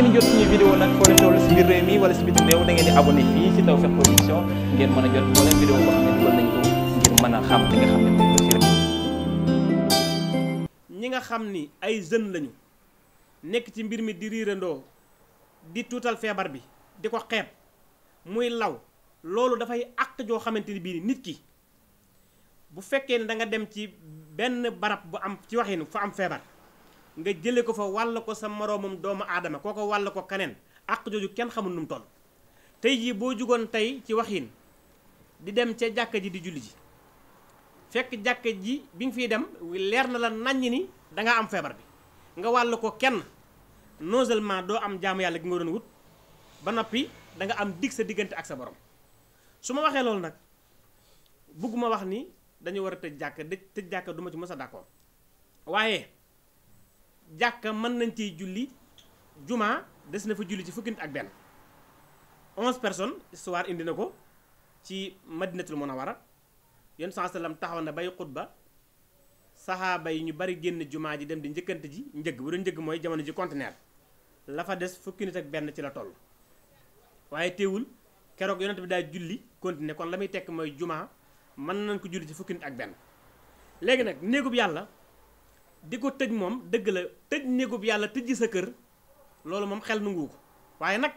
ngeen jot suñu vidéo nag foo leen toll si biir réew mi wala si biti réew da ngeen di abonné fii si Tawfekh Production a jot moo nañ ko a xam nga xam ñi nga xam ni ay jeunes lañu nekk ci mbir mi di riirandoo di tuutal feebar bi di ko xeeb muy law loolu dafay àq joo xamante ni bii nit ki bu fekkee ne danga dem ci benn barab bu am ci waxin fa am feebar nga jële ko fa wàll ko sa moroomam doomu aadama ko wàll ko kaneen àq jooju kenn xamul nu mu toll tey jii boo jugoon tey ci waxin di dem ca jàkka ji di julli ji fekk jàkka ji bi nga fiy dem leer na la naññ ni danga am feebar bi nga wàll ko kenn non doo am jaamu yàlla gi nga doon wut ba noppi da nga am digg sa diggante ak sa borom su ma waxee loolu nag bugguma wax ni dañu war a tëj jàkka tëj jàkka du ma ci mës a d'accord waaye jàkka mën nañ cee julli juma des na fa julli ci fukki ak benn onze personnes histoire indi na ko ci madinatul wara yon saa sallam taxaw na bay xutba saxaaba yi ñu bari génn jumaa ji dem di njëkkante ji njëg bu doon njëgg mooy jamono ji conteneur la fa des fukkinit ak benn ci la toll waaye teewul keroog yonent bi daal julli continuer kon la muy tekk mooy jumaa mën nañ ko julli ci fukki ak benn léegi nag néegub yàlla di ko tëj moom dëgg la tëj néegub yàlla tëjji sa kër loolu moom xel nangu ko waaye nag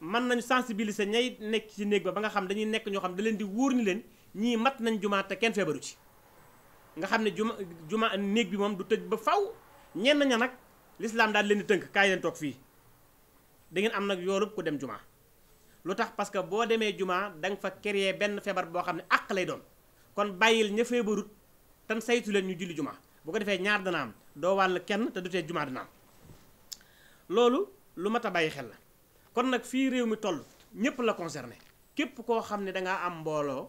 mën nañu sensibiliser ñay nekk ci néeg ba ba nga xam dañuy nekk ñoo xam da leen di wóor ñu leen ñii mat nañ jumaa te kenn feebaru ci nga xam ne juma juma néeg bi moom du tëj ba faw ñenn ña nag lislaam daal leen di tënk kaay leen toog fii da ngeen am nag yoolub ku dem jumaa lu tax parce que boo demee jumaa da nga fa créer benn feebar boo xam ne àq lay doon kon bàyyil ña feebarut tan saytu leen ñu julli jumaa bu ko defee ñaar danaam am doo wàll kenn te du te jumaa dana loolu lu mat a bàyyi xel la kon nag fii réew mi toll ñëpp la concerné képp koo xam ne dangaa am mbooloo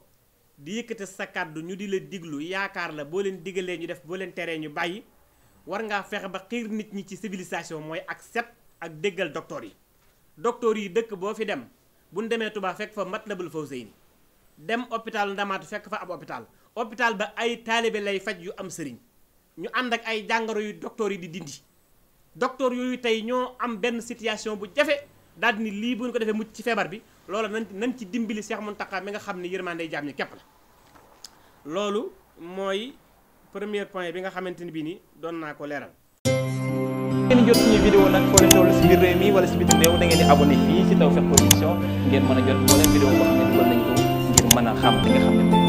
di yëkkate sa kàddu ñu di la diglu yaakaar la boo leen digalee ñu def boo leen teree ñu bàyyi war ngaa fexe ba xiir nit ñi ci civilisation mooy ak set ak déggal docteur yi docteur yi dëkk boo fi dem bu nu demee Touba fekk fa Matlabul ni dem hôpital Ndamaatu fekk fa ab hôpital ba ay taalibe lay faj yu am sëriñ ñu ànd ak ay jàngoro yu docteur yi di dindi docteur yooyu tey ñoo am benn situation bu jafe daal di ni lii bu ko defee mucc ci feebar bi loolu nañ nañ ci dimbali mun Mountakha mi nga xam ni yërmande jaam ñi képp la loolu mooy premier point bi nga xamante ni bii nii doon naa ko leeral. ngeen jot suñu vidéo nag foo leen si biir réew mi wala si da ngeen di abonné fii si Tawfekh Production a ko ngir mën a xam li nga xam